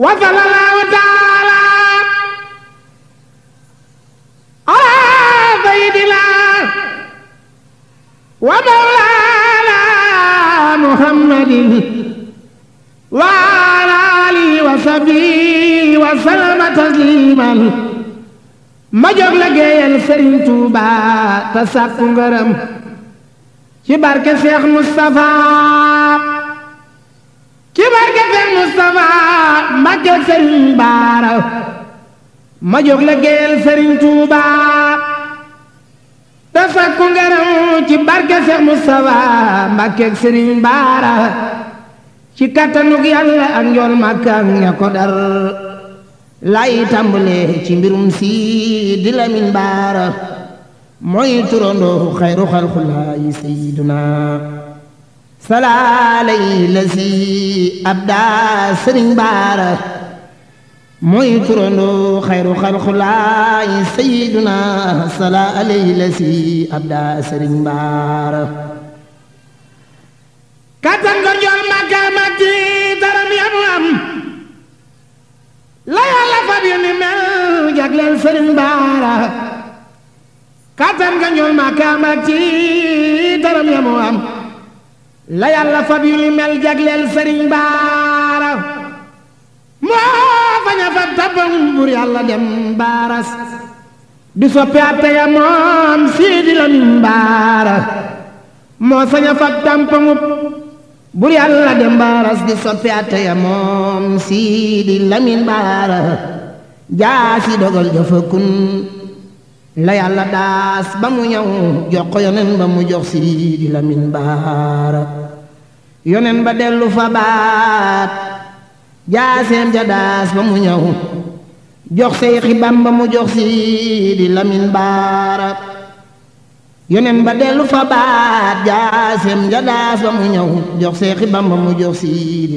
wa sallallahu taala ala sayyidina wa mawlana muhammadin wa ala alihi wa sahbihi wa sallama tasliman ma jóg liggéeyal Sëriñ Tuuba te sàkku ngërëm ci barke Seex Mustafa Mbàkke sëriñ baara ma la géel sëriñ Tuuba te sakku ngërëm ci barke Seex baara ci kattanug yàlla ak njool Màkka ak ña ko lay tàmbalee ci mbirum si di Lamin baara mooy turandoo xayru xalqulaahi sayyiduna salaalay la si ab daa sëriñ baara mooy turandoo xayru xalxulaay sayiduna salaalay la si ab daa sëriñ baara kattan ko jox màkkaamat la yàlla fab yu ni jagleel sëriñ baara moo fañ fab tabam bur yàlla dem baaras di soppi atte ya moom siidi lamin baara moo sañ fab tampangub bur yàlla dem baaras di soppi atte ya moom siidi lamin baara jaasi dogal jëfëkun la yàlla daas ba mu ñëw jox ko yonen ba mu jox Lamin Baara yonen ba dellu fa baat jaaseem ja daas ba mu ñëw jox Seyxi Bamba mu jox Lamin Baara yonen ba dellu fa baat jaaseem ja daas ba mu ñëw jox Seyxi Bamba mu jox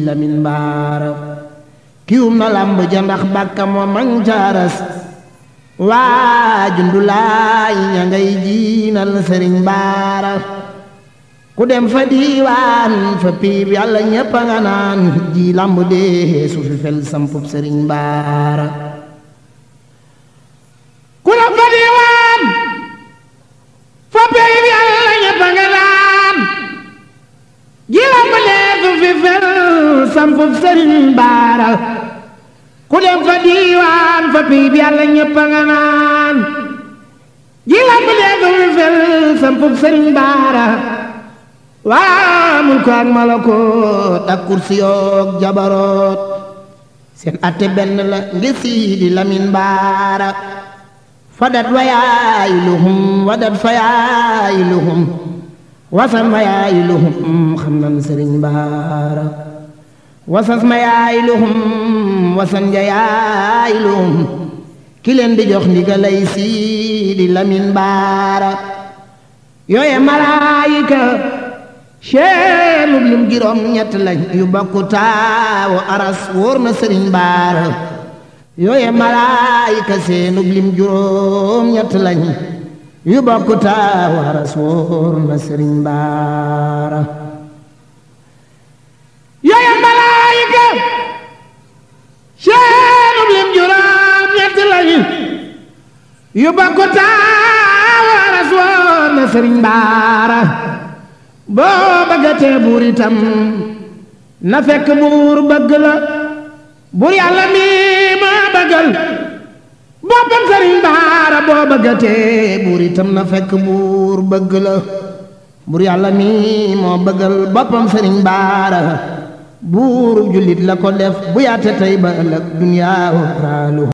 Lamin Baara kiwum na làmb ja ndax bàkka moo waa jundulaay ña ngay jiinal sëriñ baara ku dem fa diiwaan fa piib yàlla ñépp a nga sampub sëriñ baara ku dem fa diiwaan fa piib yàlla ñépp a nga sampub sëriñ baara ku dem fa diiwaan fa pii bi yàlla ñëpp a nga naan ji la bu deegul fel sampub sëriñ baara waa mul malakoot ak kursiyoog jabaroot seen atte benn la ngi siidi lamin baara fadat wa yaayiluhum wadat fa yaayiluhum wasan fa yaayiluhum xam nan sëriñ baara wasas ma yaay luxum wasan ja yaay luxum di jox ndigalay siidi lamin baara yooye malaayika seenub lim juróom ñett lañ yu bokku taawu aras wóor na sëriñ baara yooye malaayika seenub lim juróom ñett lañ yu bokku taawu aras wóor na sëriñ baara yóbba ko taawaras woon na sëriñ baara boo bëggatee buur itam na fekk buur bëgg la buur yàlla mi ma bëggal boppam sëriñ baara boo bëggatee buur itam na fekk buur bëgg la buur yàlla mi bëggal boppam sëriñ baara buurub jullit la ko def bu yaate ba ëllëg duniyaawu raalu